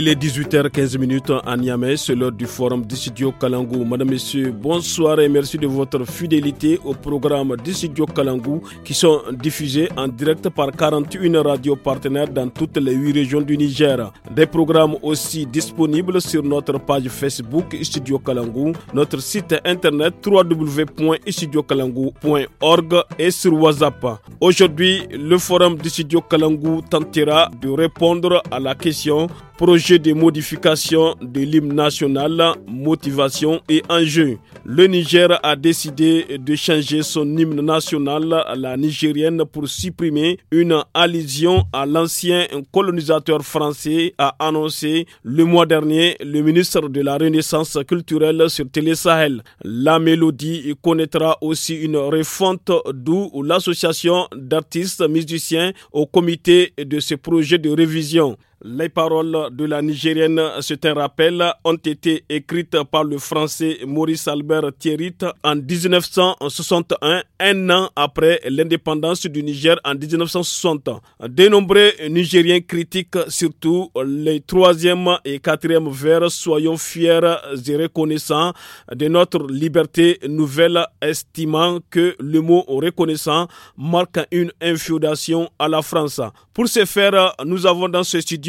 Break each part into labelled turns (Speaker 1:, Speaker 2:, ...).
Speaker 1: il est 18h15 à Niamey, c'est l'heure du forum Dissidio Kalangou. Madame, Monsieur, bonsoir et merci de votre fidélité au programme Dissidio Kalangou qui sont diffusés en direct par 41 radios partenaires dans toutes les 8 régions du Niger. Des programmes aussi disponibles sur notre page Facebook Studio Kalangou, notre site internet www.studiokalangou.org et sur WhatsApp. Aujourd'hui, le forum Dissidio Kalangou tentera de répondre à la question projet de modification de l'hymne national, motivation et enjeu. Le Niger a décidé de changer son hymne national, la nigérienne, pour supprimer une allusion à l'ancien colonisateur français, a annoncé le mois dernier le ministre de la Renaissance culturelle sur Télé Sahel. La mélodie connaîtra aussi une refonte, d'où l'association d'artistes musiciens au comité de ce projet de révision. Les paroles de la Nigérienne, c'est un rappel, ont été écrites par le Français Maurice Albert Thierry en 1961, un an après l'indépendance du Niger en 1960. De nombreux Nigériens critiquent surtout les troisième et quatrième vers Soyons fiers et reconnaissants de notre liberté nouvelle, estimant que le mot reconnaissant marque une infiodation à la France. Pour ce faire, nous avons dans ce studio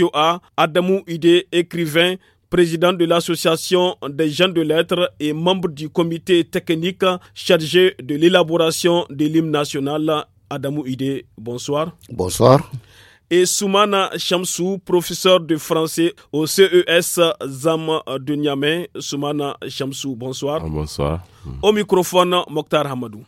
Speaker 1: Adamou Ide, écrivain, président de l'association des gens de lettres et membre du comité technique chargé de l'élaboration de l'hymne national. Adamou Ide, bonsoir.
Speaker 2: Bonsoir.
Speaker 1: Et Soumana Chamsou, professeur de français au CES ZAM de Niamey. Soumana Chamsou, bonsoir. Bonsoir. Au microphone, Mokhtar Hamadou.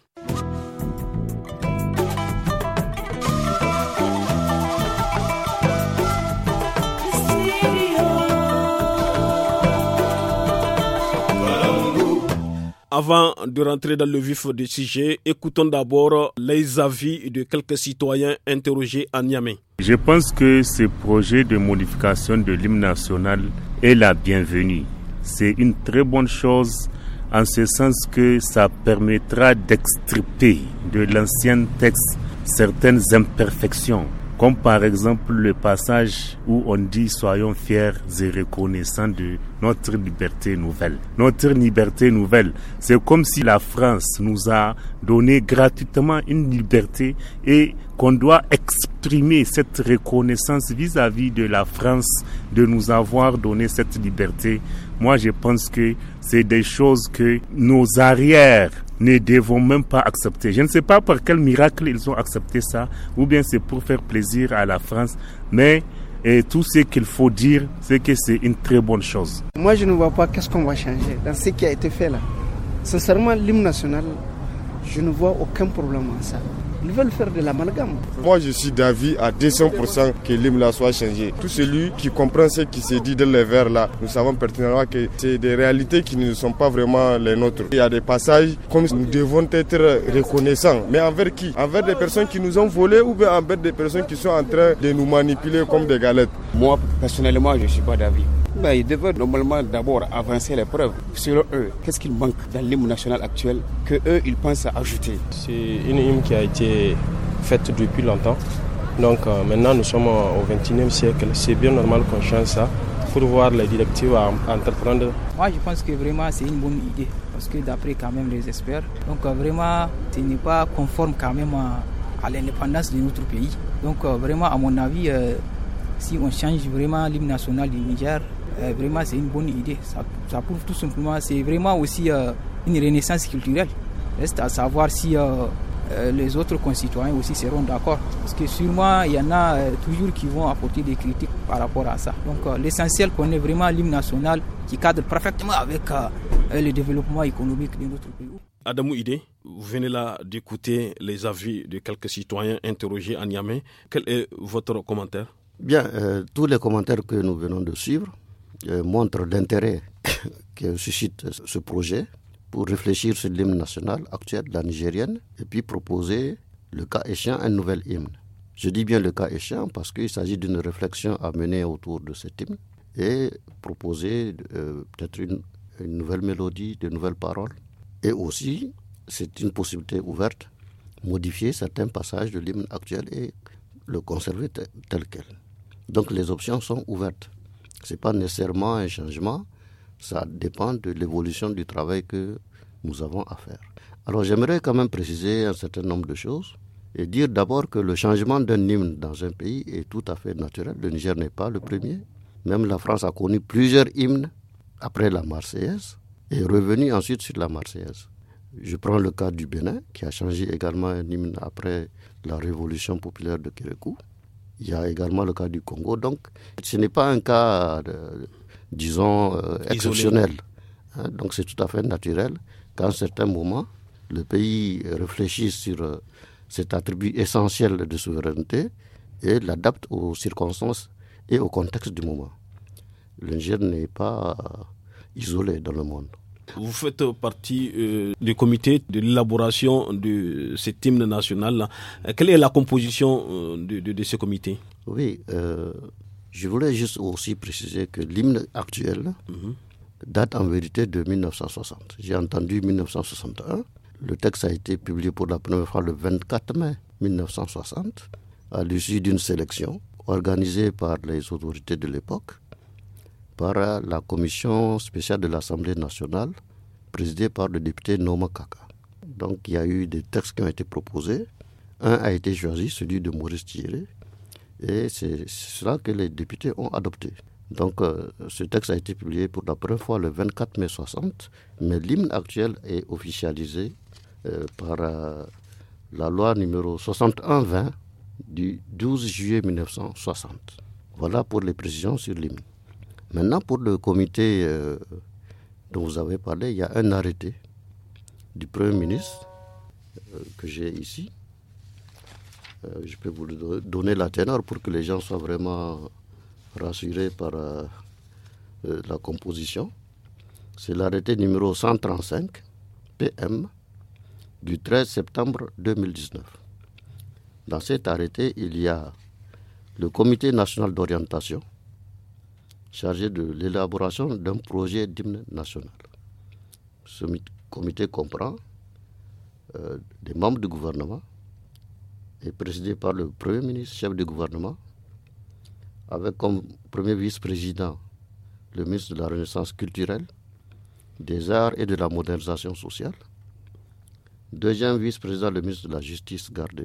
Speaker 1: Avant de rentrer dans le vif du sujet, écoutons d'abord les avis de quelques citoyens interrogés à Niamey.
Speaker 3: Je pense que ce projet de modification de l'hymne national est la bienvenue. C'est une très bonne chose en ce sens que ça permettra d'extriper de l'ancien texte certaines imperfections comme par exemple le passage où on dit soyons fiers et reconnaissants de notre liberté nouvelle. Notre liberté nouvelle, c'est comme si la France nous a donné gratuitement une liberté et qu'on doit exprimer cette reconnaissance vis-à-vis de la France de nous avoir donné cette liberté. Moi, je pense que c'est des choses que nos arrières ne devons même pas accepter. Je ne sais pas par quel miracle ils ont accepté ça, ou bien c'est pour faire plaisir à la France, mais tout ce qu'il faut dire, c'est que c'est une très bonne chose. Moi, je ne vois pas qu'est-ce
Speaker 2: qu'on va changer dans ce qui a été fait là. Sincèrement, l'hymne national, je ne vois aucun problème en ça. Ils veulent faire de l'amalgame.
Speaker 4: Moi, je suis d'avis à 200% que l'hymne soit changé. Tout celui qui comprend ce qui se dit dans les vers là, nous savons pertinemment que c'est des réalités qui ne sont pas vraiment les nôtres. Il y a des passages comme nous devons être reconnaissants. Mais envers qui Envers des personnes qui nous ont volé ou bien envers des personnes qui sont en train de nous manipuler comme des galettes Moi, personnellement, je ne suis pas d'avis ils devaient normalement d'abord avancer les preuves. Selon eux, qu'est-ce qu'il manque dans l'hymne national actuel que eux ils pensent à ajouter C'est
Speaker 1: une hymne qui a été faite depuis longtemps. Donc euh, maintenant nous sommes au 21e siècle. C'est bien normal qu'on change ça pour voir les directives à entreprendre. Moi je pense que vraiment c'est une bonne idée parce que d'après quand même les experts, donc euh, vraiment ce n'est pas conforme quand même à, l'indépendance de notre pays. Donc euh, vraiment à mon avis, si on change vraiment l'hymne national du Niger, euh, vraiment c'est une bonne idée. Ça, prouve tout simplement, c'est vraiment aussi euh, une renaissance culturelle. Reste à savoir si euh, les autres concitoyens aussi seront d'accord. Parce que sûrement, il y en a toujours qui vont apporter des critiques par rapport à ça. Donc l'essentiel qu'on ait vraiment l'hymne national qui cadre parfaitement avec le développement économique de notre pays. Adamou Idé, vous venez là d'écouter les avis de quelques citoyens interrogés à Niamey. Quel est votre commentaire
Speaker 2: Bien, tous les commentaires que nous venons de suivre euh, montre l'intérêt que suscite ce projet pour réfléchir sur l'hymne national actuel de la Nigérienne et puis proposer, le cas échéant, un nouvel hymne. Je dis bien le cas échéant parce qu'il s'agit d'une réflexion à mener autour de cet hymne et proposer euh, peut-être une, une nouvelle mélodie, de nouvelles paroles. Et aussi, c'est une possibilité ouverte, modifier certains passages de l'hymne actuel et le conserver tel quel. Donc les options sont ouvertes. Ce n'est pas nécessairement un changement, ça dépend de l'évolution du travail que nous avons à faire. Alors j'aimerais quand même préciser un certain nombre de choses et dire d'abord que le changement d'un hymne dans un pays est tout à fait naturel. Le Niger n'est pas le premier. Même la France a connu plusieurs hymnes après la Marseillaise et est revenue ensuite sur la Marseillaise. Je prends le cas du Bénin qui a changé également un hymne après la révolution populaire de Kérékou. Il y a également le cas du Congo. Donc, ce n'est pas un cas, disons, euh, exceptionnel. Hein. donc, c'est tout à fait naturel qu'à un certain moment, le pays réfléchisse sur euh, cet attribut essentiel de souveraineté et l'adapte aux circonstances et au contexte du moment. Le n'est pas isolé dans le monde.
Speaker 1: Vous faites partie euh, du comité de l'élaboration de
Speaker 2: cet hymne national. Quelle est la composition euh, de, ce comité Oui, euh, je voulais juste aussi préciser que l'hymne actuel mhm. date en vérité de 1960. J'ai entendu 1961. Le texte a été publié pour la première fois le 24 mai 1960, à l'issue d'une sélection organisée par les autorités de l'époque par la commission spéciale de l'Assemblée nationale, présidée par le député Noma Kaka. Donc il y a eu des textes qui ont été proposés. Un a été choisi, celui de Maurice Thierry, et c'est cela que les députés ont adopté. Donc euh, ce texte a été publié pour la première fois le 24 mai 60, mais l'hymne actuel est officialisé euh, par euh, la loi numéro 61-20 du 12 juillet 1960. Voilà pour les précisions sur l'hymne. Maintenant, pour le comité euh, dont vous avez parlé, il y a un arrêté du Premier ministre euh, que j'ai ici. Euh, je peux vous donner la teneur pour que les gens soient vraiment rassurés par la composition. C'est l'arrêté numéro 135 PM du 13 septembre 2019. Dans cet arrêté, il y a le Comité national d'orientation, chargé de l'élaboration d'un projet d'hymne national. Ce comité comprend euh, des membres du gouvernement et présidé par le Premier ministre, chef du gouvernement, avec comme premier vice-président le ministre de la Renaissance culturelle, des arts et de la modernisation sociale, deuxième vice-président le ministre de la Justice, garde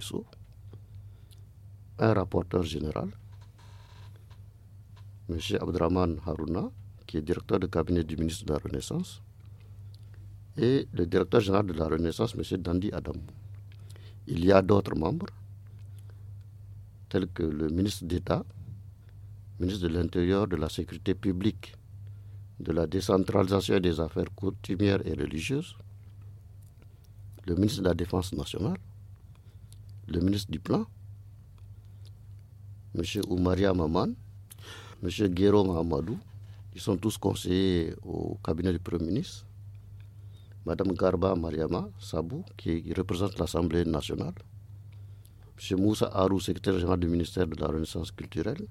Speaker 2: un rapporteur général, M. Abdraman Haruna, qui est directeur de cabinet du ministre de la Renaissance, et le directeur général de la Renaissance, M. Dandi Adam. Il y a d'autres membres, tels que le ministre d'État, ministre de l'Intérieur, de la Sécurité publique, de la décentralisation des affaires coutumières et religieuses, le ministre de la Défense nationale, le ministre du Plan, M. Oumaria Maman, M. Guéron Amadou. Ils sont tous conseillers au cabinet du Premier ministre. Madame Garba Mariama Sabou, qui représente l'Assemblée nationale. M. Moussa Harou, secrétaire général du ministère de la Renaissance culturelle.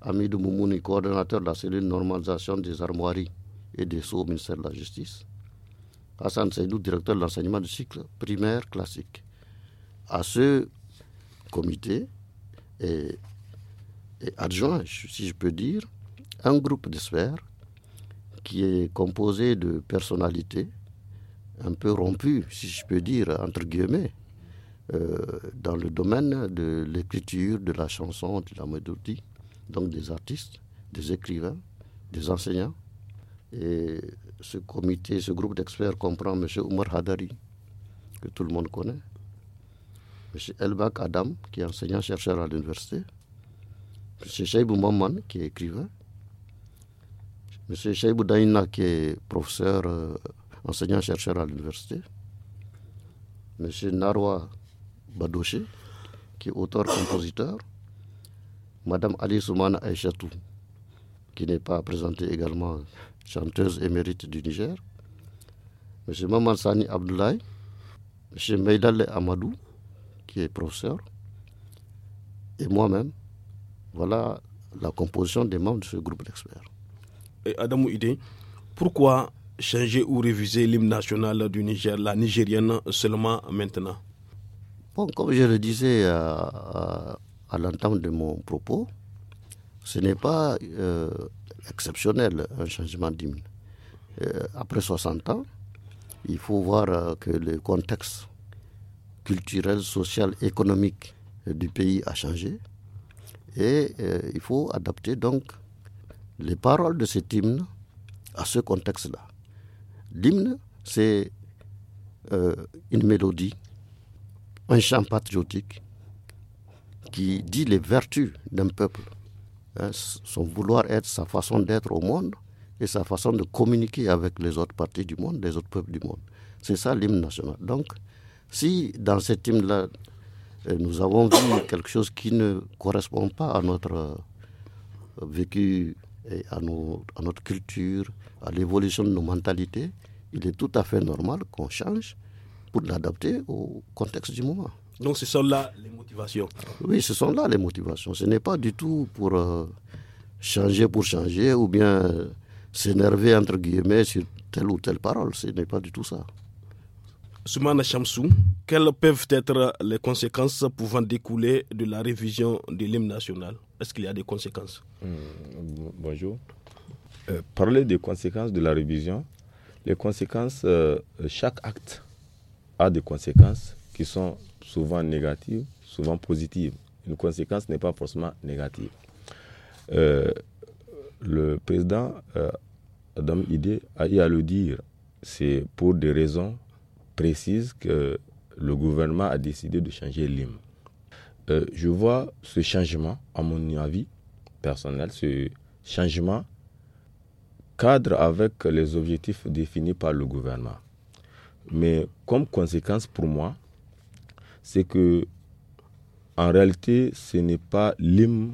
Speaker 2: Amidou Moumouni, coordonnateur de la cellule normalisation des armoiries et des sceaux au ministère de la Justice. Hassan Seydou, directeur de l'enseignement du cycle primaire classique. À ce comité, et et adjoint, si je peux dire, un groupe de sphères qui est composé de personnalités un peu rompues, si je peux dire, entre guillemets, euh, dans le domaine de l'écriture, de la chanson, de la mélodie, donc des artistes, des écrivains, des enseignants. Et ce comité, ce groupe d'experts comprend M. Omar Hadari, que tout le monde connaît, M. Elbak Adam, qui est enseignant-chercheur à l'université, M. Cheibou Maman, qui est écrivain. M. Cheibou Daina, qui est professeur, euh, enseignant-chercheur à l'université. M. Narwa Badoché, qui est auteur-compositeur. Madame Ali Soumana Aïchatou, qui n'est pas présentée également, chanteuse émérite du Niger. M. Maman Sani Abdoulaye. M. Meidale Amadou, qui est professeur. Et moi-même, voilà la composition des membres de ce groupe d'experts. Adam pourquoi
Speaker 1: changer ou réviser l'hymne national du Niger, la nigérienne, seulement maintenant
Speaker 2: Comme je le disais à, l'entente de mon propos, ce n'est pas euh, exceptionnel un changement d'hymne. Euh, après 60 ans, il faut voir euh, que le contexte culturel, social, économique du pays a changé. Et euh, il faut adapter donc les paroles de cet hymne à ce contexte-là. L'hymne, c'est euh, une mélodie, un chant patriotique qui dit les vertus d'un peuple, hein, son vouloir être, sa façon d'être au monde et sa façon de communiquer avec les autres parties du monde, les autres peuples du monde. C'est ça l'hymne national. Donc, si dans cet hymne-là, nous avons vu quelque chose qui ne correspond pas à notre euh, vécu, et à, notre culture, à l'évolution de nos mentalités. Il est tout à fait normal qu'on change pour l'adapter au contexte du moment.
Speaker 1: Donc ce sont là les
Speaker 2: motivations. Oui, ce sont là les motivations. Ce n'est pas du tout pour euh, changer pour changer ou bien euh, s'énerver entre guillemets sur telle ou telle parole. Ce n'est pas du tout ça.
Speaker 1: Soumana Chamsou, quelles peuvent être les conséquences pouvant découler de la révision de l'hymne national Est-ce qu'il y a des
Speaker 4: conséquences hmm, Bonjour. Euh, parler des conséquences de la révision, les conséquences, euh, chaque acte a des conséquences qui sont souvent négatives, souvent positives. Une conséquence n'est pas forcément négative. Euh, le président Adam Idé a eu à le dire, c'est pour des raisons précise que le gouvernement a décidé de changer l'hymne. Euh, je vois ce changement, à mon avis personnel, ce changement cadre avec les objectifs définis par le gouvernement. Mais comme conséquence pour moi, c'est que en réalité, ce n'est pas l'hymne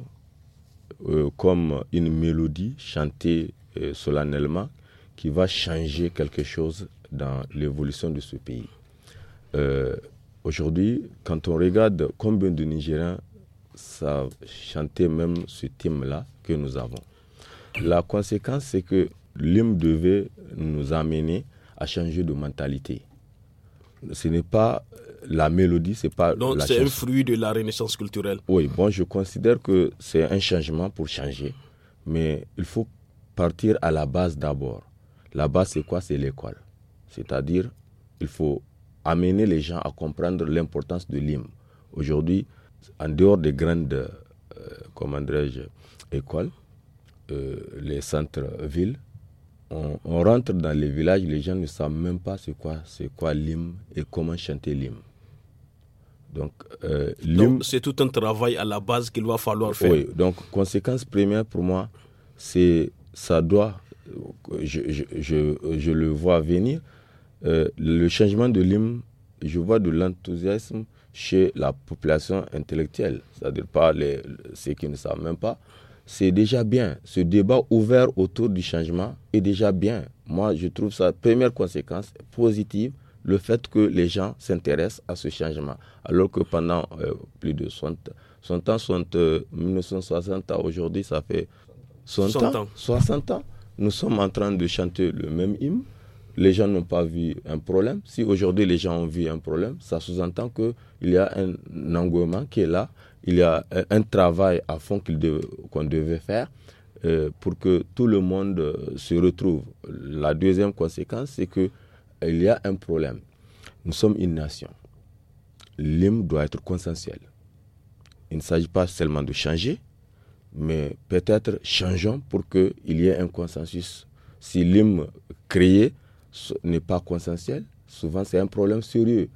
Speaker 4: euh, comme une mélodie chantée euh, solennellement qui va changer quelque chose dans l'évolution de ce pays. Euh, aujourd'hui, quand on regarde combien de Nigériens savent chanter même ce thème-là que nous avons, la conséquence, c'est que l'hymne devait nous amener à changer de mentalité. Ce n'est pas la mélodie, c'est pas Donc c'est un
Speaker 1: fruit de la renaissance culturelle.
Speaker 4: Oui, bon, je considère que c'est un changement pour changer, mais il faut partir à la base d'abord. La base, c'est quoi C'est l'école. C'est-à-dire, il faut amener les gens à comprendre l'importance de l'hymne. Aujourd'hui, en dehors des grandes, euh, écoles, euh, les centres-villes, on, rentre dans les villages, les gens ne savent même pas c'est quoi, c'est quoi l'hymne et comment chanter l'hymne. Donc, euh,
Speaker 1: c'est tout un travail à la base qu'il va falloir faire.
Speaker 4: donc conséquence première pour moi, c'est ça doit, je, le vois venir, euh, le changement de l'hymne, je vois de l'enthousiasme chez la population intellectuelle, c'est-à-dire pas ceux qui ne savent même pas. C'est déjà bien. Ce débat ouvert autour du changement est déjà bien. Moi, je trouve sa première conséquence positive, le fait que les gens s'intéressent à ce changement. Alors que pendant euh, plus de 60, ans, 1960 euh, aujourd'hui, ça fait 60 ans, nous sommes en train de chanter le même hymne les gens n'ont pas vu un problème. Si aujourd'hui les gens ont vu un problème, ça sous-entend qu'il y a un engouement qui est là, il y a un travail à fond qu'on devait faire euh, pour que tout le monde euh, se retrouve. La deuxième conséquence, c'est qu'il euh, il y a un problème. Nous sommes une nation. L'hymne doit être consensuel. Il ne s'agit pas seulement de changer, mais peut-être changeons pour qu'il y ait un consensus. Si l'hymne créé n'est pas consensuel. Souvent, c'est un problème sérieux.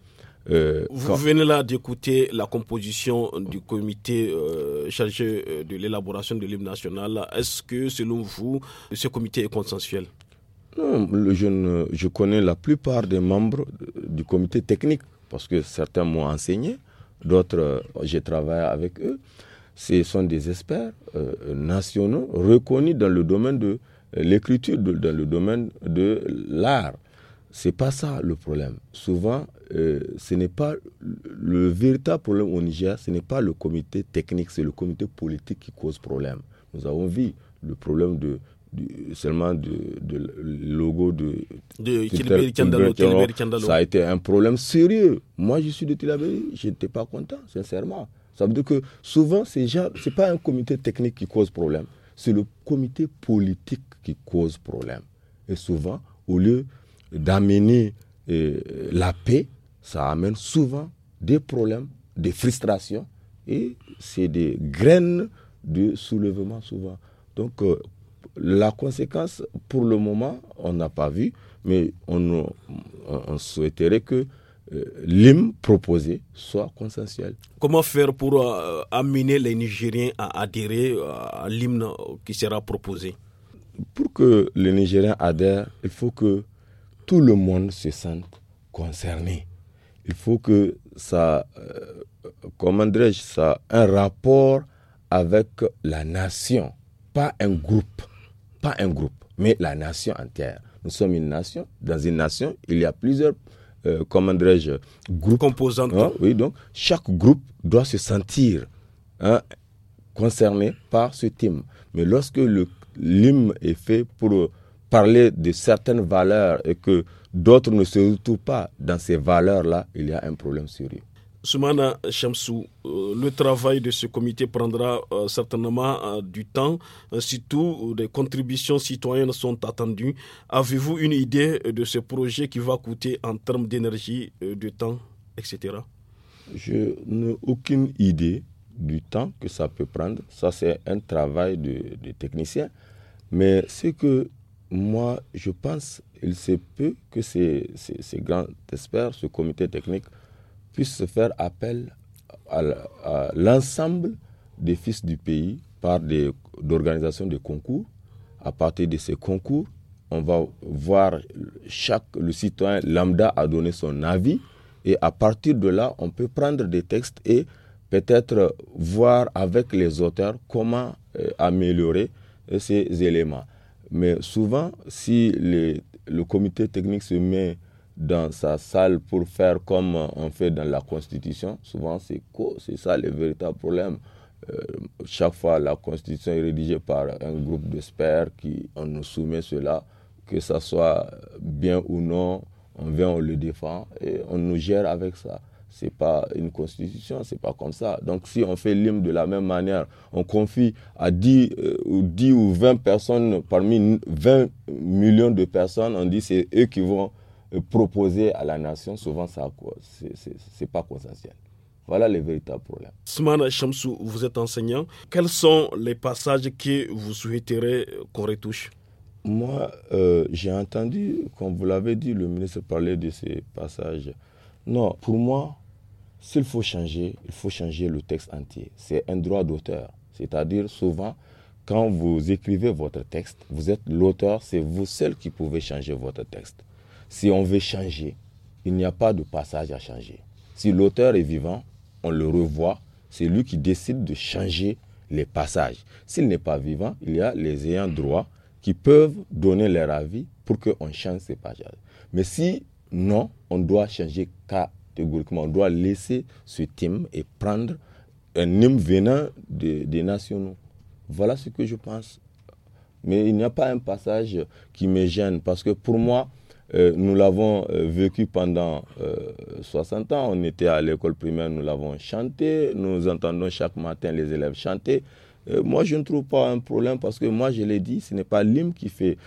Speaker 4: Euh, vous
Speaker 1: venez là d'écouter la composition du comité euh, chargé euh, de l'élaboration de l'hymne national. Est-ce que, selon vous, ce comité est consensuel
Speaker 4: Non, je, connais la plupart des membres du comité technique parce que certains m'ont enseigné, d'autres, j'ai travaillé avec eux. Ce sont des experts nationaux reconnus dans le domaine de l'écriture dans le domaine de l'art. C'est pas ça le problème. Souvent, euh, ce n'est pas le véritable problème au Niger, ce n'est pas le comité technique, c'est le comité politique qui cause problème. Nous avons vu le problème de, seulement de, logo de, Ça a été un problème sérieux. Moi, je suis de Tilabéry, je n'étais pas content, sincèrement. Ça veut dire que souvent, ce n'est pas un comité technique qui cause problème, c'est le comité politique cause problème. Et souvent, au lieu d'amener euh, la paix, ça amène souvent des problèmes, des frustrations, et c'est des graines de soulèvement souvent. Donc, euh, la conséquence, pour le moment, on n'a pas vu, mais on, euh, souhaiterait que l'hymne proposé soit consensuel.
Speaker 1: Comment faire pour amener les Nigériens à adhérer à l'hymne qui sera proposé
Speaker 4: pour que le Nigériens adhère il faut que tout le monde se sente concerné. Il faut que ça, euh, comment dirais-je ça, un rapport avec la nation, pas un groupe, pas un groupe, mais la nation entière. Nous sommes une nation. Dans une nation, il y a plusieurs, euh, comment dirais-je, groupes. Composantes. Hein, oui, donc chaque groupe doit se sentir hein, concerné par ce thème. Mais lorsque le l'hymne est fait pour parler de certaines valeurs et que d'autres ne se retrouvent pas dans ces valeurs-là, il y a un problème sérieux.
Speaker 1: Soumana Chamsou, euh, le travail de ce comité prendra euh, certainement euh, du temps, surtout des contributions citoyennes sont attendues. Avez-vous une idée de ce projet qui va coûter en termes d'énergie, de temps, etc.
Speaker 4: Je n'ai aucune idée du temps que ça peut prendre. Ça, c'est un travail de technicien. Mais ce que moi, je pense, il se peut que ces, ces, grands experts, ce comité technique, puissent faire appel à l'ensemble des fils du pays par des organisations de concours. À partir de ces concours, on va voir chaque le citoyen lambda a donné son avis et à partir de là, on peut prendre des textes et peut-être voir avec les auteurs comment euh, améliorer euh, ces éléments. Mais souvent, si le comité technique se met dans sa salle pour faire comme on fait dans la Constitution, souvent c'est c'est ça le véritable problème. Euh, chaque fois, la Constitution est rédigée par un groupe d'experts qui on nous soumet cela, que ça soit bien ou non, on vient, on le défend et on nous gère avec ça c'est pas une constitution, c'est pas comme ça. Donc si on fait l'hymne de la même manière, on confie à 10, euh, ou, ou 20 personnes parmi 20 millions de personnes, on dit c'est eux qui vont euh, proposer à la nation, souvent ça c'est pas consensuel. Voilà le véritable problème
Speaker 1: Sman Chamsou, vous êtes enseignant. Quels sont les passages que vous souhaiterez euh, qu'on retouche
Speaker 4: Moi, j'ai entendu, comme vous l'avez dit, le ministre parler de ces passages. Non, pour moi, s'il faut changer, il faut changer le texte entier. C'est un droit d'auteur. C'est-à-dire, souvent, quand vous écrivez votre texte, vous êtes l'auteur, c'est vous seul qui pouvez changer votre texte. Si on veut changer, il n'y a pas de passage à changer. Si l'auteur est vivant, on le revoit, c'est lui qui décide de changer les passages. S'il n'est pas vivant, il y a les ayants droit qui peuvent donner leur avis pour qu'on change ces passages. Mais si non, on doit changer on doit laisser ce thème et prendre un hymne venant des nationaux. Voilà ce que je pense. Mais il n'y a pas un passage qui me gêne, parce que pour moi, euh, nous l'avons euh, vécu pendant 60 euh, ans. On était à l'école primaire, nous l'avons chanté. Nous entendons chaque matin les élèves chanter. moi, je ne trouve pas un problème parce que moi, je l'ai dit, ce n'est pas l'hymne qui fait.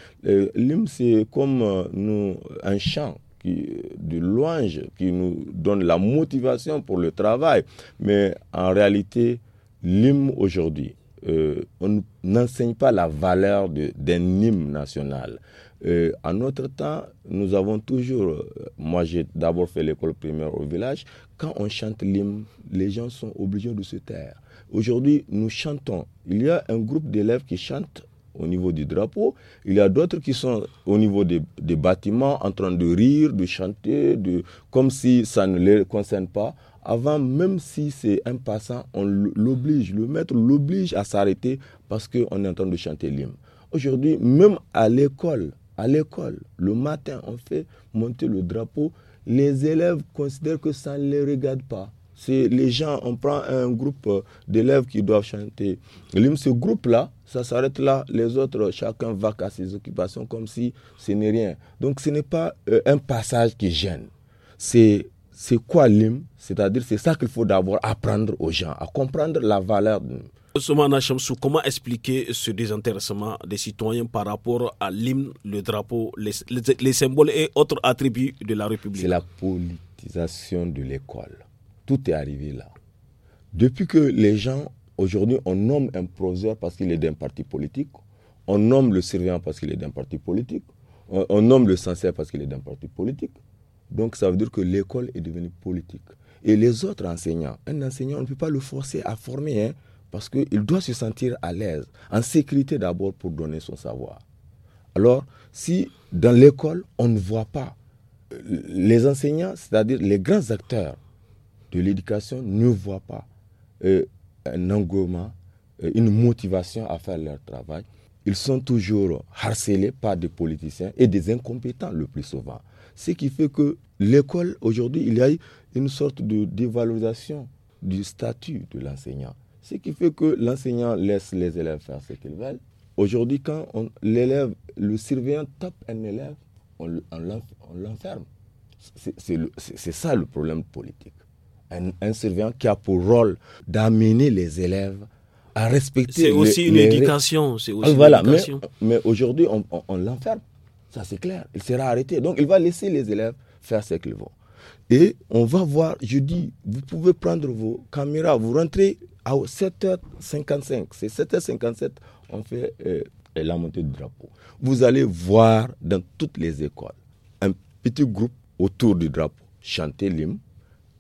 Speaker 4: l'hymne, c'est comme nous, un chant qui, de louanges qui nous donne la motivation pour le travail. Mais en réalité, l'hymne aujourd'hui, euh, on n'enseigne pas la valeur d'un hymne national. Euh, en notre temps, nous avons toujours, euh, moi j'ai d'abord fait l'école primaire au village, quand on chante l'hymne, les gens sont obligés de se taire. Aujourd'hui, nous chantons. Il y a un groupe d'élèves qui chantent au niveau du drapeau. Il y a d'autres qui sont au niveau des, bâtiments en train de rire, de chanter, de, comme si ça ne les concerne pas. Avant, même si c'est un passant, on l'oblige, le maître l'oblige à s'arrêter parce qu'on est en train de chanter l'hymne. Aujourd'hui, même à l'école, à l'école, le matin, on fait monter le drapeau. Les élèves considèrent que ça ne les regarde pas c'est les gens, on prend un groupe euh, d'élèves qui doivent chanter. L'hymne, Ce groupe-là, ça s'arrête là. Les autres, chacun va à ses occupations comme si ce n'est rien. Donc ce n'est pas euh, un passage qui gêne. C'est c'est quoi l'hymne C'est-à-dire, c'est ça qu'il faut d'abord apprendre aux gens, à comprendre la valeur de
Speaker 1: l'hymne. comment expliquer ce désintéressement des citoyens par rapport à l'hymne, le drapeau, les
Speaker 4: symboles et autres attributs de la République C'est la politisation de l'école tout est arrivé là. Depuis que les gens, aujourd'hui, on nomme un proseur parce qu'il est d'un parti politique, on nomme le surveillant parce qu'il est d'un parti politique, euh, on, nomme le censeur parce qu'il est d'un parti politique. Donc ça veut dire que l'école est devenue politique. Et les autres enseignants, un enseignant, on ne peut pas le forcer à former, hein, parce qu'il doit se sentir à l'aise, en sécurité d'abord pour donner son savoir. Alors, si dans l'école, on ne voit pas euh, les enseignants, c'est-à-dire les grands acteurs, de l'éducation ne voient pas euh, un engouement, euh, une motivation à faire leur travail. Ils sont toujours harcelés par des politiciens et des incompétents le plus souvent. Ce qui fait que l'école, aujourd'hui, il y a une sorte de dévalorisation du statut de l'enseignant. Ce qui fait que l'enseignant laisse les élèves faire ce qu'ils veulent. Aujourd'hui, quand l'élève, le surveillant tape un élève, on l'enferme. C'est ça le problème politique un, surveillant qui a pour rôle d'amener les élèves à respecter. C'est aussi une éducation. C'est aussi voilà, une éducation. Mais, aujourd'hui, on, l'enferme. Ça, c'est clair. Il sera arrêté. Donc, il va laisser les élèves faire ce qu'ils vont. Et on va voir, je dis, vous pouvez prendre vos caméras, vous rentrez à 7h55. C'est 7h57, on fait euh, la montée du drapeau. Vous allez voir dans toutes les écoles un petit groupe autour du drapeau chanter l'hymne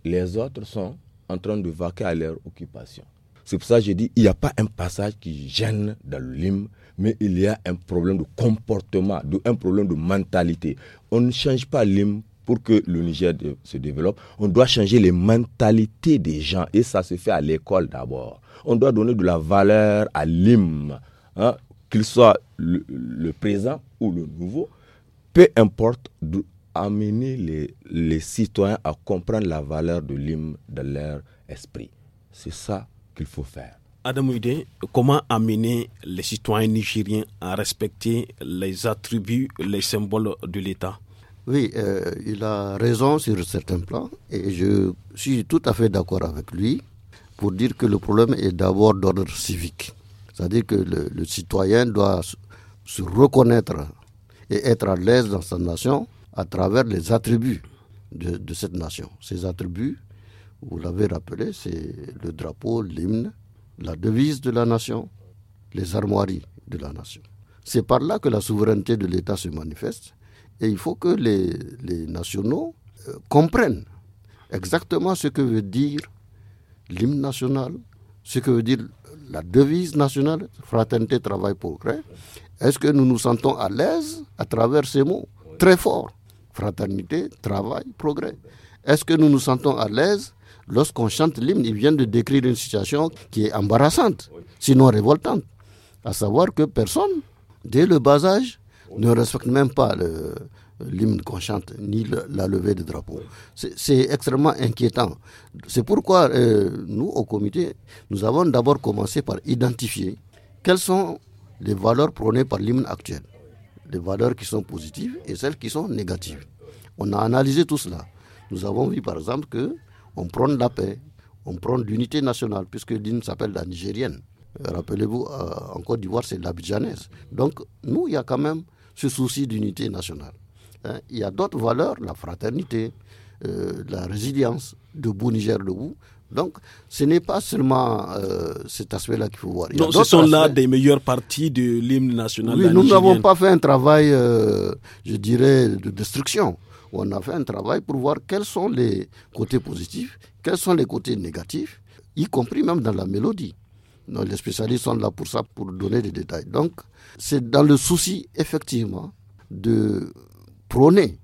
Speaker 4: les autres sont en train de vaquer à leur occupation. C'est pour ça que je dis il n'y a pas un passage qui gêne dans le LIM, mais il y a un problème de comportement, de, un problème de mentalité. On ne change pas LIM pour que le Niger se développe. On doit changer les mentalités des gens et ça se fait à l'école d'abord. On doit donner de la valeur à Lim, hein, qu'il soit le, le présent ou le nouveau. Peu importe amener les, citoyens à comprendre la valeur de l'hymne dans leur esprit. C'est ça qu'il faut faire. Adam comment amener
Speaker 1: les citoyens nigériens à respecter les attributs, les symboles de l'État
Speaker 2: Oui, euh, il a raison sur certains plans et je suis tout à fait d'accord avec lui pour dire que le problème est d'abord d'ordre civique. C'est-à-dire que le, citoyen doit se reconnaître et être à l'aise dans sa nation à travers les attributs de, cette nation. Ces attributs, vous l'avez rappelé, c'est le drapeau, l'hymne, la devise de la nation, les armoiries de la nation. C'est par là que la souveraineté de l'État se manifeste et il faut que les, nationaux euh, comprennent exactement ce que veut dire l'hymne national, ce que veut dire la devise nationale, fraternité, travail, progrès. Est-ce que nous nous sentons à l'aise à travers ces mots Très forts fraternité, travail, progrès. Est-ce que nous nous sentons à l'aise lorsqu'on chante l'hymne Il vient de décrire une situation qui est embarrassante, sinon révoltante, à savoir que personne, dès le bas âge, ne respecte même pas l'hymne qu'on chante, ni la levée de drapeau. C'est extrêmement inquiétant. C'est pourquoi euh, nous, au comité, nous avons d'abord commencé par identifier quelles sont les valeurs prônées par l'hymne actuel des valeurs qui sont positives et celles qui sont négatives. On a analysé tout cela. Nous avons vu par exemple que on prône la paix, on prône l'unité nationale, puisque l'une s'appelle la nigérienne. Rappelez-vous, euh, en Côte d'Ivoire, c'est l'abidjanaise. Donc, nous, il y a quand même ce souci d'unité nationale. Hein. Il y a d'autres valeurs, la fraternité, euh, la résilience, debout Niger debout. Donc, ce n'est pas seulement euh, cet aspect-là qu'il faut voir. Donc, ce sont là des meilleures
Speaker 1: parties de l'hymne
Speaker 2: national. Oui, nous n'avons pas fait un travail, euh, je dirais, de destruction. On a fait un travail pour voir quels sont les côtés positifs, quels sont les côtés négatifs, y compris même dans la mélodie. les spécialistes sont là pour ça, pour donner des détails. Donc, c'est dans le souci, effectivement, de prôner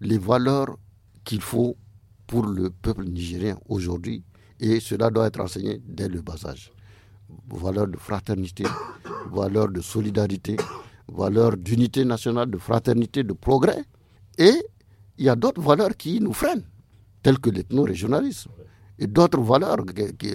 Speaker 2: les valeurs qu'il faut pour le peuple nigérien aujourd'hui et cela doit être enseigné dès le bas âge. Valeur de fraternité, valeur de solidarité, valeur d'unité nationale, de fraternité, de progrès. Et il y a d'autres valeurs qui nous freinent, telles que l'ethno-régionalisme et d'autres valeurs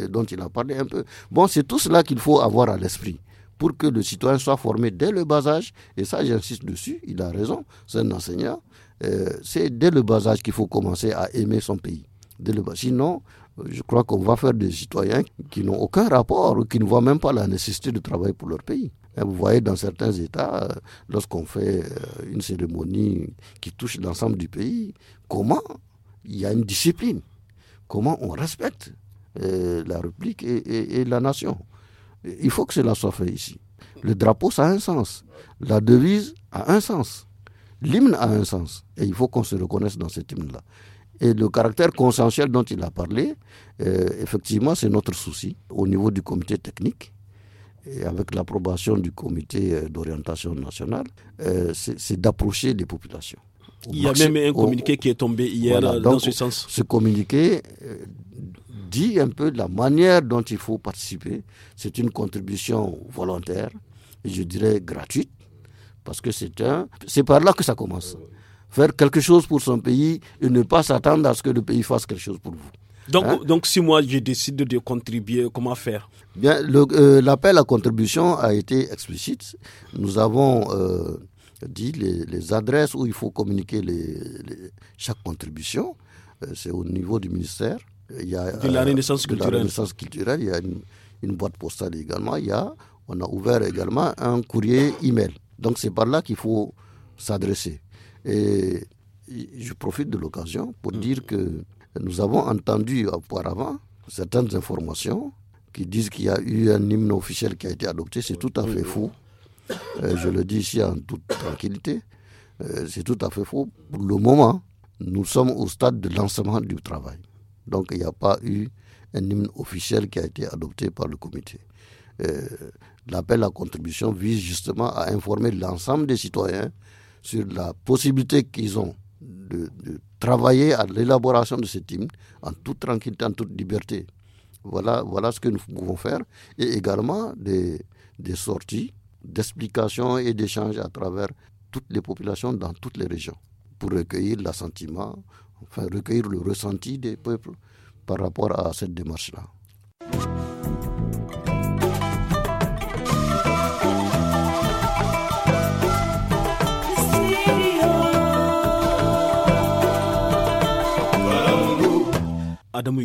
Speaker 2: dont il a parlé un peu. Bon, c'est tout cela qu'il faut avoir à l'esprit pour que le citoyen soit formé dès le bas âge. Et ça, j'insiste dessus, il a raison, c'est un enseignant. Euh, c'est dès le bas âge qu'il faut commencer à aimer son pays. Dès le bas. Sinon, je crois qu'on va faire des citoyens qui n'ont aucun rapport, ou qui ne voient même pas la nécessité de travailler pour leur pays. Hein, vous voyez, dans certains États, euh, lorsqu'on fait euh, une cérémonie qui touche l'ensemble du pays, comment il y a une discipline, comment on respecte euh, la République et, et la nation. Il faut que cela soit fait ici. Le drapeau, ça a un sens. La devise a un sens. L'hymne a un sens. Et il faut qu'on se reconnaisse dans cet hymne-là. Et le caractère consensuel dont il a parlé, euh, effectivement, c'est notre souci au niveau du comité technique. Et avec l'approbation du comité euh, d'orientation nationale, euh, c'est d'approcher les populations. Il y a même un communiqué qui est tombé hier dans ce sens. Ce communiqué dit un peu la manière dont il faut participer. C'est une contribution volontaire, je dirais gratuite, parce que c'est un, c'est par là que ça commence faire quelque chose pour son pays et ne pas s'attendre à ce que le pays fasse quelque chose pour vous. Donc, hein? donc si moi
Speaker 1: je décide de contribuer, comment faire
Speaker 2: Bien, euh, l'appel à contribution a été explicite. Nous avons euh, dit les, adresses où il faut communiquer les, chaque contribution. Euh, c'est au niveau du ministère. Il y a, de la Renaissance culturelle. La Renaissance culturelle, il y a une, une, boîte postale également. Il y a, on a ouvert également un courrier email. Donc c'est par là qu'il faut s'adresser. Et je profite de l'occasion pour mm. dire que nous avons entendu auparavant certaines informations qui disent qu'il y a eu un hymne officiel qui a été adopté. C'est tout à fait faux. Euh, je le dis ici en toute tranquillité. Euh, c'est tout à fait faux. Pour le moment, nous sommes au stade de lancement du travail. Donc il n'y a pas eu un hymne officiel qui a été adopté par le comité. Euh, l'appel à contribution vise justement à informer l'ensemble des citoyens sur la possibilité qu'ils ont de, travailler à l'élaboration de cet hymne en toute tranquillité, en toute liberté. Voilà, voilà ce que nous pouvons faire. Et également des, des sorties, d'explications et d'échanges à travers toutes les populations dans toutes les régions pour recueillir l'assentiment, enfin recueillir le ressenti des peuples par rapport à cette démarche-là.
Speaker 1: Madame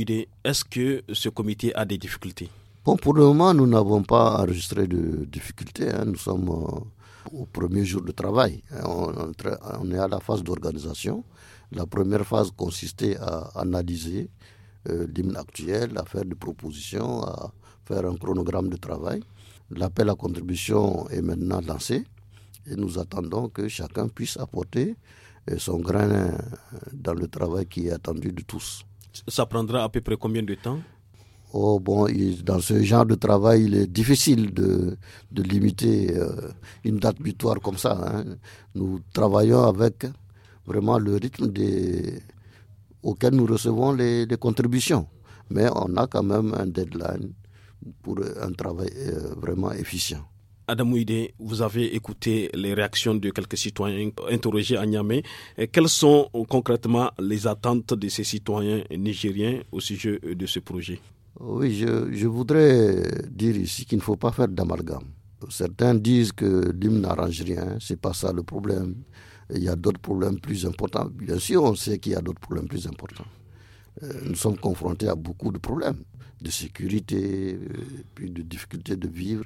Speaker 1: est-ce que ce comité a des difficultés
Speaker 2: Bon, pour le moment, nous n'avons pas enregistré de difficultés. Hein. Nous sommes euh, au premier jour de travail. Hein. On, est à la phase d'organisation. La première phase consistait à analyser euh, l'hymne actuel, à faire des propositions, à faire un chronogramme de travail. L'appel à contribution est maintenant lancé et nous attendons que chacun puisse apporter euh, son grain dans le travail qui est attendu de tous.
Speaker 1: Ça prendra à peu près combien de temps
Speaker 2: Oh bon, dans ce genre de travail, il est difficile de, limiter euh, une date butoir comme ça. Hein. Nous travaillons avec vraiment le rythme auquel nous recevons les, contributions. Mais on a quand même un deadline pour un travail euh, vraiment efficient.
Speaker 1: Madame Ouide, vous avez écouté les réactions de quelques citoyens interrogés à Niamey. Quelles sont euh, concrètement les attentes de ces citoyens nigériens au sujet euh, de ce projet
Speaker 2: Oui, je, voudrais dire ici qu'il ne faut pas faire d'amalgame. Certains disent que l'hymne n'arrange rien, c'est pas ça le problème. Il y a d'autres problèmes plus importants. Bien sûr, on sait qu'il y a d'autres problèmes plus importants. Euh, nous sommes confrontés à beaucoup de problèmes de sécurité, puis de difficultés de vivre.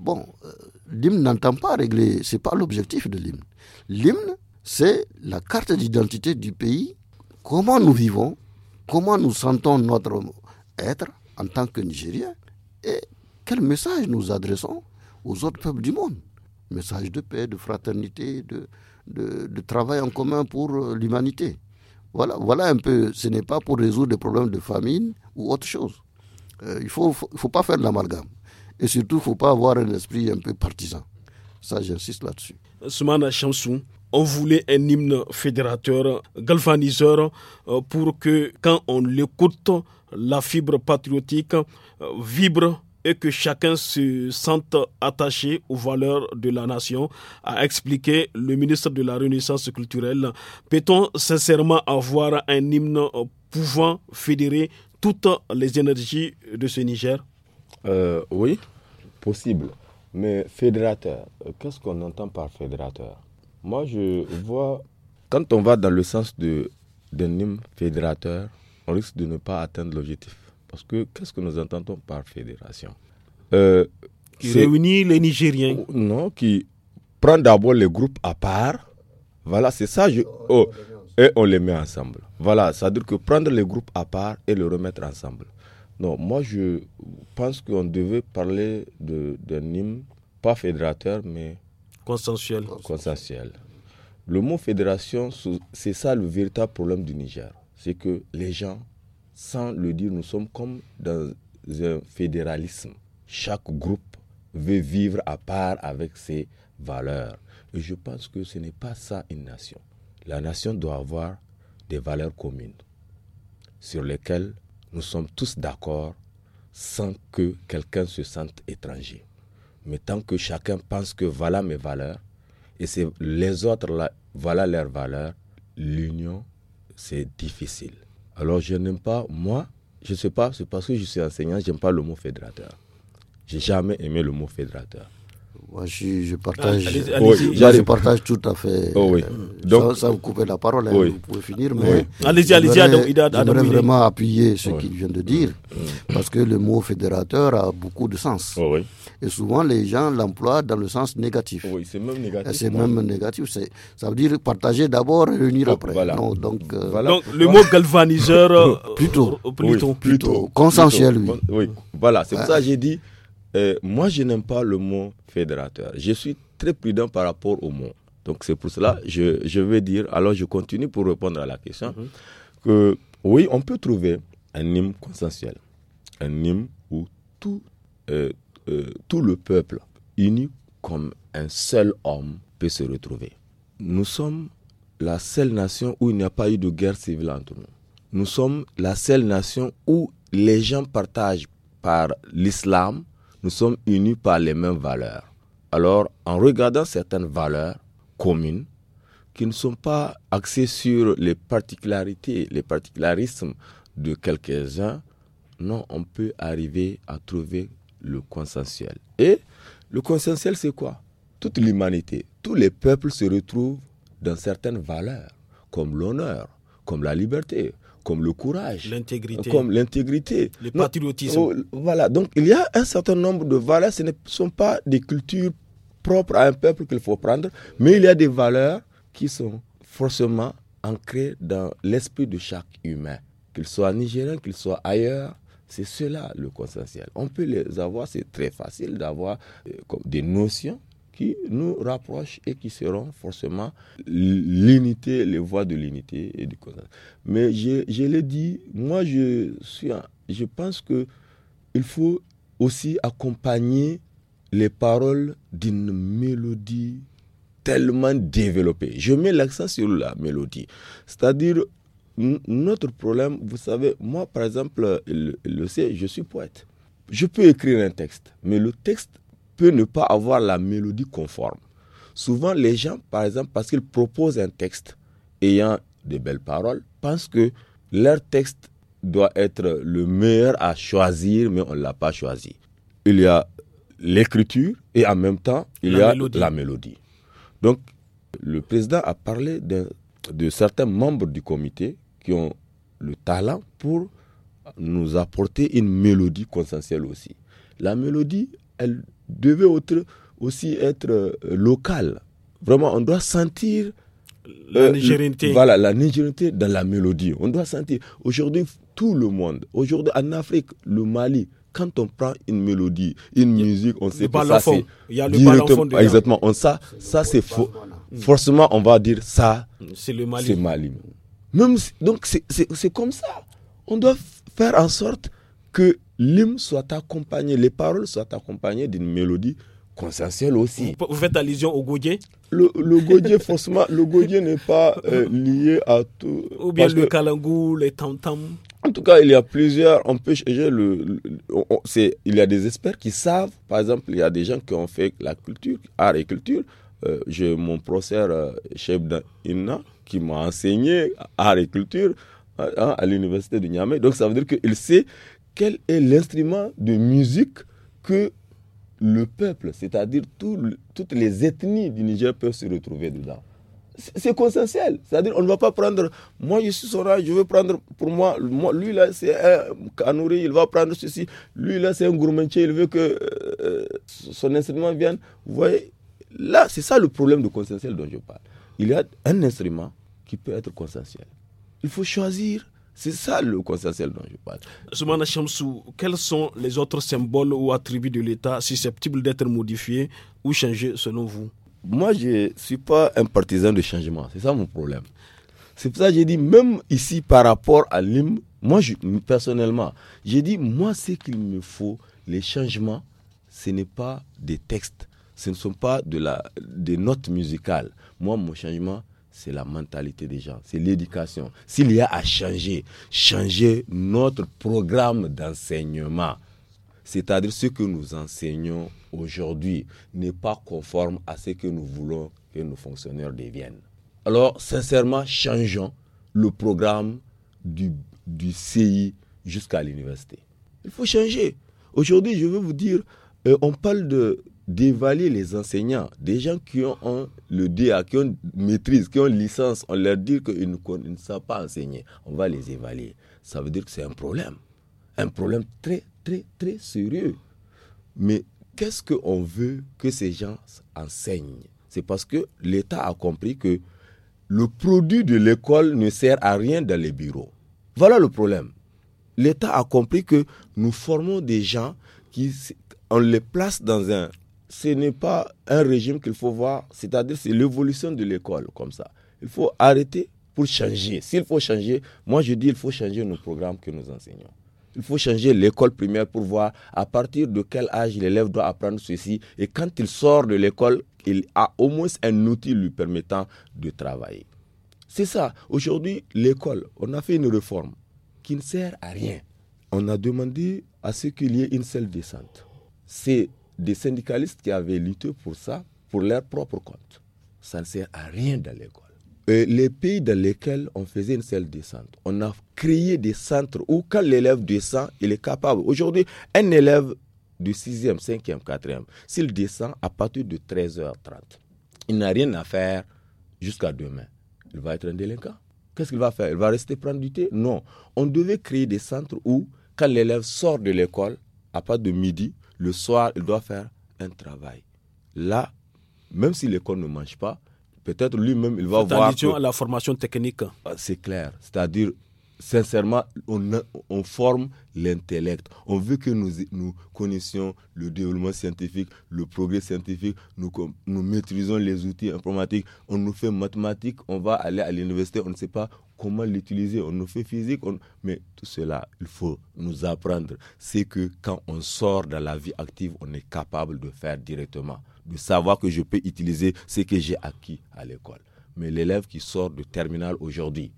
Speaker 2: Bon, euh, l'hymne n'entend pas régler, c'est pas l'objectif de l'hymne. L'hymne, c'est la carte d'identité du pays, comment nous vivons, comment nous sentons notre être en tant que Nigériens et quel message nous adressons aux autres peuples du monde. Message de paix, de fraternité, de, de, travail en commun pour euh, l'humanité. Voilà, voilà un peu, ce n'est pas pour résoudre des problèmes de famine ou autre chose. Euh, il ne faut, faut pas faire de l'amalgame. Et surtout, il ne faut pas avoir un esprit un peu partisan. Ça, j'insiste là-dessus. Soumana Chamsou, on voulait un hymne fédérateur,
Speaker 1: galvaniseur, euh, pour que quand on l'écoute, la fibre patriotique euh, vibre et que chacun se sente attaché aux valeurs de la nation, a expliqué le ministre de la Renaissance culturelle. Peut-on sincèrement avoir un hymne euh, pouvant fédérer toutes les
Speaker 4: énergies de ce Niger euh, oui, possible. Mais fédérateur, euh, qu'est-ce qu'on entend par fédérateur Moi, je vois, quand on va dans le sens d'un hymne fédérateur, on risque de ne pas atteindre l'objectif. Parce que qu'est-ce que nous entendons par fédération euh, Qui réunit les Nigériens oh, Non, qui prend d'abord les groupes à part. Voilà, c'est ça. Oh, et on les met ensemble. Voilà, ça dire que prendre les groupes à part et les remettre ensemble. Non, moi je pense qu'on devait parler d'un hymne, pas fédérateur, mais consensuel. consensuel. Le mot fédération, c'est ça le véritable problème du Niger. C'est que les gens, sans le dire, nous sommes comme dans un fédéralisme. Chaque groupe veut vivre à part avec ses valeurs. Et je pense que ce n'est pas ça une nation. La nation doit avoir des valeurs communes sur lesquelles nous sommes tous d'accord sans que quelqu'un se sente étranger. Mais tant que chacun pense que voilà mes valeurs, et c'est les autres voilà leurs valeurs, l'union, c'est difficile. Alors je n'aime pas, moi, je ne sais pas, c'est parce que je suis enseignant, j'aime pas le mot fédérateur. J'ai jamais aimé le mot fédérateur. Moi, je, je ah, partage, je partage tout à fait. Oh, euh, donc, ça vous couper la parole,
Speaker 2: hein, vous pouvez finir. Mais allez-y, allez-y. J'aimerais vraiment appuyer ce qu'il vient de dire, mm. Mm. parce que le mot fédérateur a beaucoup de sens. Oh, Et souvent, les gens l'emploient dans le sens négatif. Oui, c'est même négatif. Hein. C'est Ça veut dire partager d'abord, réunir oh, après.
Speaker 4: Non, donc, euh, donc, le mot galvaniseur. plutôt, euh, plutôt, Consensuel, oui. Voilà, c'est pour ça que j'ai dit euh, moi, je n'aime pas le mot fédérateur. Je suis très prudent par rapport au mot. Donc, c'est pour cela, je, je vais dire, alors je continue pour répondre à la question, mhm. que oui, on peut trouver un hymne consensuel, un hymne où tout, euh, euh, tout le peuple uni comme un seul homme peut se retrouver. Nous sommes la seule nation où il n'y a pas eu de guerre civile entre nous. Nous sommes la seule nation où les gens partagent par l'islam nous sommes unis par les mêmes valeurs. Alors, en regardant certaines valeurs communes qui ne sont pas axées sur les particularités, les particularismes de quelques-uns, non, on peut arriver à trouver le consensuel. Et le consensuel, c'est quoi Toute l'humanité, tous les peuples se retrouvent dans certaines valeurs, comme l'honneur, comme la liberté, comme le courage, comme l'intégrité, le patriotisme. Oh, voilà, donc il y a un certain nombre de valeurs, ce ne sont pas des cultures propres à un peuple qu'il faut prendre, mais il y a des valeurs qui sont forcément ancrées dans l'esprit de chaque humain, qu'il soit nigérien, qu'il soit ailleurs. C'est cela le consensuel. On peut les avoir, c'est très facile d'avoir euh, des notions qui nous rapprochent et qui seront forcément l'unité, les voix de l'unité et du Mais je, je l'ai dit, moi je, suis, je pense qu'il faut aussi accompagner les paroles d'une mélodie tellement développée. Je mets l'accent sur la mélodie. C'est-à-dire, notre problème, vous savez, moi par exemple, je suis poète. Je peux écrire un texte, mais le texte peut ne pas avoir la mélodie conforme. Souvent, les gens, par exemple, parce qu'ils proposent un texte ayant de belles paroles, pensent que leur texte doit être le meilleur à choisir, mais on ne l'a pas choisi. Il y a l'écriture et en même temps, il y a la mélodie. Donc, le président a parlé de, de certains membres du comité qui ont le talent pour nous apporter une mélodie consensuelle aussi. La mélodie, elle devait autre, aussi être euh, locale. Vraiment, on doit sentir la euh, nigérité. voilà, la nigérité dans la mélodie. On doit sentir. Aujourd'hui, tout le monde, aujourd'hui en Afrique, le Mali, quand on prend une mélodie, une musique, on sait que ça c'est fond. Exactement, on ça, ça c'est faux. Forcément, on va dire ça, c'est le Mali. Même donc c'est comme ça. On doit faire en sorte que l'hymne soit accompagné, les paroles soient accompagnées d'une mélodie consensuelle aussi.
Speaker 1: Vous faites allusion au godier
Speaker 4: le, godier, forcément, le godier n'est pas euh, lié à tout. Ou bien le Kalangou, les Tantam. En tout cas, il y a plusieurs. On peut le. il y a des experts qui savent. Par exemple, il y a des gens qui ont fait la culture, art et culture. Euh, j'ai mon professeur Inna euh, qui m'a enseigné art et culture à, hein, à l'université de Niamey. Donc, ça veut dire qu'il sait quel est l'instrument de musique que le peuple, c'est-à-dire toutes les ethnies du Niger peuvent se retrouver dedans. C'est consensuel. C'est-à-dire, on ne va pas prendre, moi je suis Sora, je veux prendre pour moi, lui là c'est un Kanouri, il va prendre ceci, lui là c'est un gourmandier, il veut que euh, son instrument vienne. Vous voyez, là c'est ça le problème de consensuel dont je parle. Il y a un instrument qui peut être consensuel. Il faut choisir c'est ça le consensuel dont je parle. Soumana Chamsou,
Speaker 1: quels sont les autres symboles ou attributs de l'État susceptibles d'être modifiés ou changés
Speaker 4: selon vous Moi, je ne suis pas un partisan de changement. C'est ça mon problème. C'est pour ça que j'ai dit, même ici par rapport à l'hymne, moi, je, personnellement, j'ai dit, moi, ce qu'il me faut, les changements, ce n'est pas des textes, ce ne sont pas de la, des notes musicales. Moi, mon changement, c'est la mentalité des gens, c'est l'éducation. S'il y a à changer, changer notre programme d'enseignement, c'est-à-dire ce que nous enseignons aujourd'hui n'est pas conforme à ce que nous voulons que nos fonctionnaires deviennent. Alors, sincèrement, changeons le programme du, du CI jusqu'à l'université. Il faut changer. Aujourd'hui, je veux vous dire, euh, on parle de, d'évaluer les enseignants, des gens qui ont, le DA, qui ont maîtrise, qui ont licence, on leur dit qu'ils ne, ne, savent pas enseigner. On va les évaluer. Ça veut dire que c'est un problème. Un problème très, très, très sérieux. Mais qu'est-ce qu'on veut que ces gens enseignent C'est parce que l'État a compris que le produit de l'école ne sert à rien dans les bureaux. Voilà le problème. L'État a compris que nous formons des gens qui, on les place dans un ce n'est pas un régime qu'il faut voir, c'est-à-dire c'est l'évolution de l'école comme ça. Il faut arrêter pour changer. S'il faut changer, moi je dis il faut changer nos programmes que nous enseignons. Il faut changer l'école primaire pour voir à partir de quel âge l'élève doit apprendre ceci. Et quand il sort de l'école, il a au moins un outil lui permettant de travailler. C'est ça. Aujourd'hui, l'école, on a fait une réforme qui ne sert à rien. On a demandé à ce qu'il y ait une seule descente. C'est des syndicalistes qui avaient lutté pour ça, pour leur propre compte. Ça ne sert à rien dans l'école. les pays dans lesquels on faisait une seule descente, on a créé des centres où quand l'élève descend, il est capable. Aujourd'hui, un élève du 6e, 5e, 4e, s'il descend à partir de 13h30, il n'a rien à faire jusqu'à demain. Il va être un délinquant. Qu'est-ce qu'il va faire Il va rester prendre du thé Non. On devait créer des centres où, quand l'élève sort de l'école, à partir de midi, le soir, il doit faire un travail. Là, même si l'école ne mange pas, peut-être lui-même, il va voir.
Speaker 1: la formation technique.
Speaker 4: Ah, c'est clair. C'est-à-dire, sincèrement, on, forme l'intellect. On veut que nous, connaissions le développement scientifique, le progrès scientifique, nous, maîtrisons les outils informatiques, on nous fait mathématiques, on va aller à l'université, on ne sait pas comment l'utiliser, on nous fait physique, mais tout cela, il faut nous apprendre. C'est que quand on sort dans la vie active, on est capable de faire directement, de savoir que je peux utiliser ce que j'ai acquis à l'école. Mais l'élève qui sort de terminal aujourd'hui,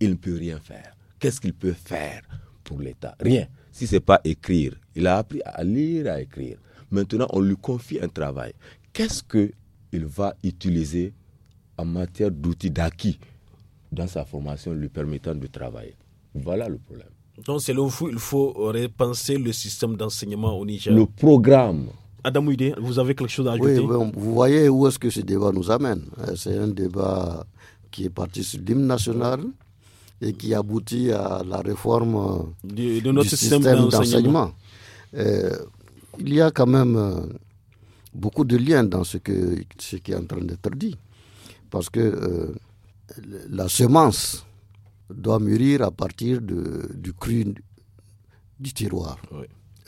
Speaker 4: il ne peut rien faire. Qu'est-ce qu'il peut faire pour l'État Rien. Si ce n'est pas écrire, il a appris à lire, à écrire. Maintenant, on lui confie un travail. Qu'est-ce qu'il va utiliser en matière d'outils d'acquis dans sa formation lui permettant de travailler Voilà le problème.
Speaker 1: Donc, c'est là où il faut repenser le système d'enseignement au Niger. Le programme. Adam Ouidé, vous avez quelque chose à ajouter oui,
Speaker 4: vous
Speaker 2: voyez où est-ce que ce débat nous amène. Hein? C'est un débat qui est parti sur l'hymne national, et qui aboutit à la réforme du, de notre système, d'enseignement. Euh, il y a quand même euh, beaucoup de liens dans ce, que, ce qui est en train d'être dit. Parce que euh, la semence doit mûrir à partir du cru du terroir.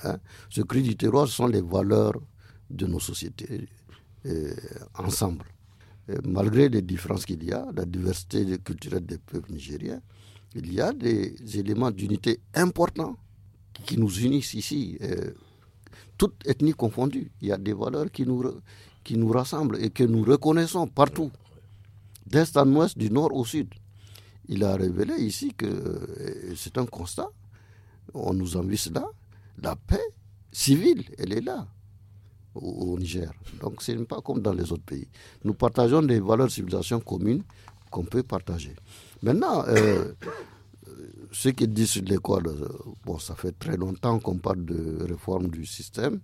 Speaker 2: Hein? Ce cru du terroir sont les valeurs de nos sociétés ensemble. malgré les différences qu'il y a, la diversité culturelle des peuples nigériens, il y a des éléments d'unité importants qui nous unissent ici, euh, toutes ethnies confondues. Il y a des valeurs qui nous, qui nous rassemblent et que nous reconnaissons partout, d'est en ouest, du nord au sud. Il a révélé ici que euh, c'est un constat, on nous envie cela, la paix civile, elle est là au, Niger. Donc ce n'est pas comme dans les autres pays. Nous partageons des valeurs de civilisation communes, qu'on peut partager. Maintenant, euh, ceux qui disent sur l'école, euh, bon, ça fait très longtemps qu'on parle de réforme du système.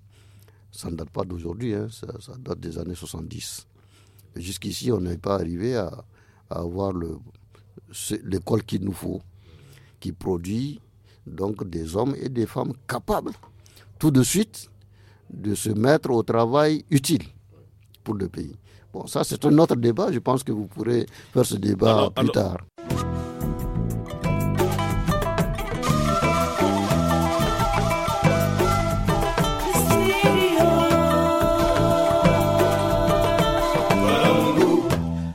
Speaker 2: Ça ne date pas d'aujourd'hui, hein, ça, date des années 70. Jusqu'ici, on n'est pas arrivé à, à avoir l'école qu'il nous faut, qui produit donc des hommes et des femmes capables tout de suite de se mettre au travail utile pour le pays. Bon, ça c'est un autre débat, je pense que vous pourrez faire ce débat plus tard.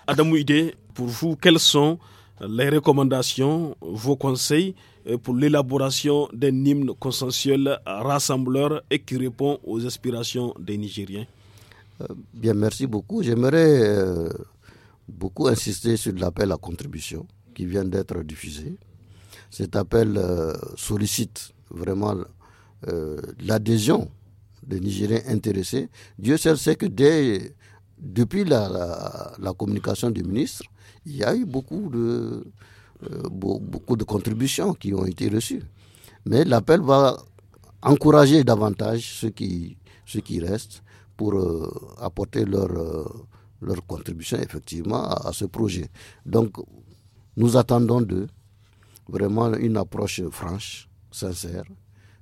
Speaker 1: Adam Ouide, pour vous, quelles sont les recommandations, vos conseils euh, pour l'élaboration d'un hymne consensuel rassembleur et qui répond aux aspirations des Nigériens
Speaker 2: euh, bien, merci beaucoup. J'aimerais euh, beaucoup insister sur l'appel à contribution qui vient d'être diffusé. Cet appel euh, sollicite vraiment l'adhésion des Nigériens intéressés. Dieu seul sait que depuis la, communication du ministre, il y a eu beaucoup de, beaucoup de contributions qui ont été reçues. Mais l'appel va encourager davantage ceux qui, ceux qui restent pour euh, apporter leur, euh, leur contribution effectivement à, ce projet. Donc nous attendons d'eux vraiment une approche franche, sincère,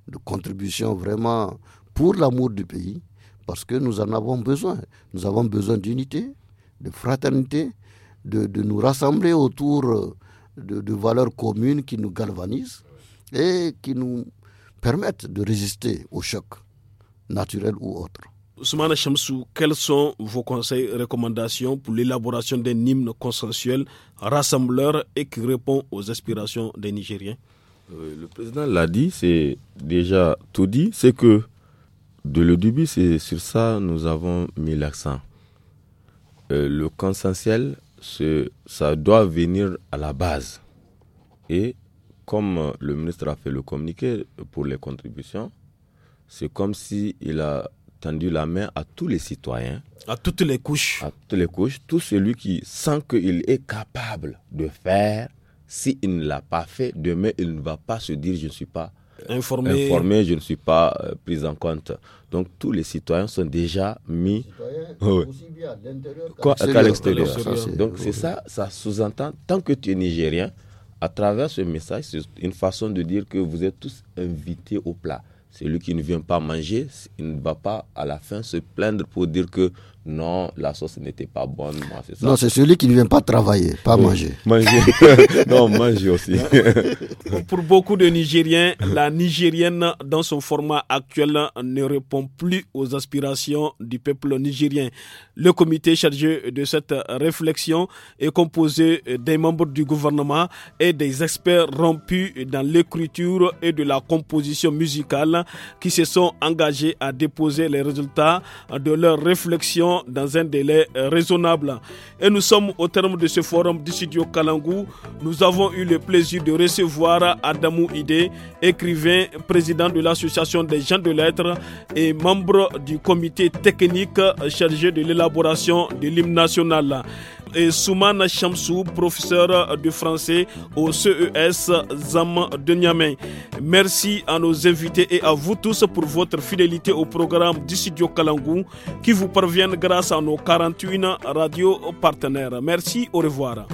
Speaker 2: de contribution vraiment pour l'amour du pays, parce que nous en avons besoin. Nous avons besoin d'unité, de fraternité, de, nous rassembler autour euh, de, valeurs communes qui nous galvanisent et qui nous permettent de résister aux chocs naturels ou autres.
Speaker 1: Soumana Chamsou, quels sont vos conseils, recommandations pour l'élaboration d'un hymne consensuel, rassembleur et qui répond aux aspirations des Nigériens euh, Le président l'a
Speaker 4: dit, c'est déjà tout dit. C'est que, de le début, c'est sur ça nous avons mis l'accent. Euh, le consensuel, ça doit venir à la base. Et comme le ministre a fait le communiqué pour les contributions, c'est comme s'il a tendu la main à tous les citoyens. À toutes les couches. À toutes les couches. Tout celui qui sent qu'il est capable de faire, s'il ne l'a pas fait, demain, il ne va pas se dire je ne suis pas informé, informé je ne suis pas euh, pris en compte. Donc tous les citoyens sont déjà mis oui. qu'à l'extérieur. Donc c'est ça, ça sous-entend, tant que tu es nigérien, à travers ce message, c'est une façon de dire que vous êtes tous invités au plat. Celui qui ne vient pas manger, il ne va pas à la fin se plaindre pour dire que non, la sauce n'était pas bonne. Non, c'est celui
Speaker 2: qui ne vient pas travailler, pas manger. Manger. non,
Speaker 1: manger aussi. Pour beaucoup de Nigériens, la Nigérienne, dans son format actuel, ne répond plus aux aspirations du peuple nigérien. Le comité chargé de cette réflexion est composé des membres du gouvernement et des experts rompus dans l'écriture et de la composition musicale qui se sont engagés à déposer les résultats de leur réflexion dans un délai euh, raisonnable. Et nous sommes au terme de ce forum du studio Kalangou. Nous avons eu le plaisir de recevoir Adamou Ide, écrivain, président de l'association des gens de lettres et membre du comité technique chargé de l'élaboration de l'hymne national et Soumana Chamsou, professeur de français au CES Zam de Niamey. Merci à nos invités et à vous tous pour votre fidélité au programme du studio Kalangou qui vous parvient grâce à nos 41 radios partenaires. Merci, au revoir.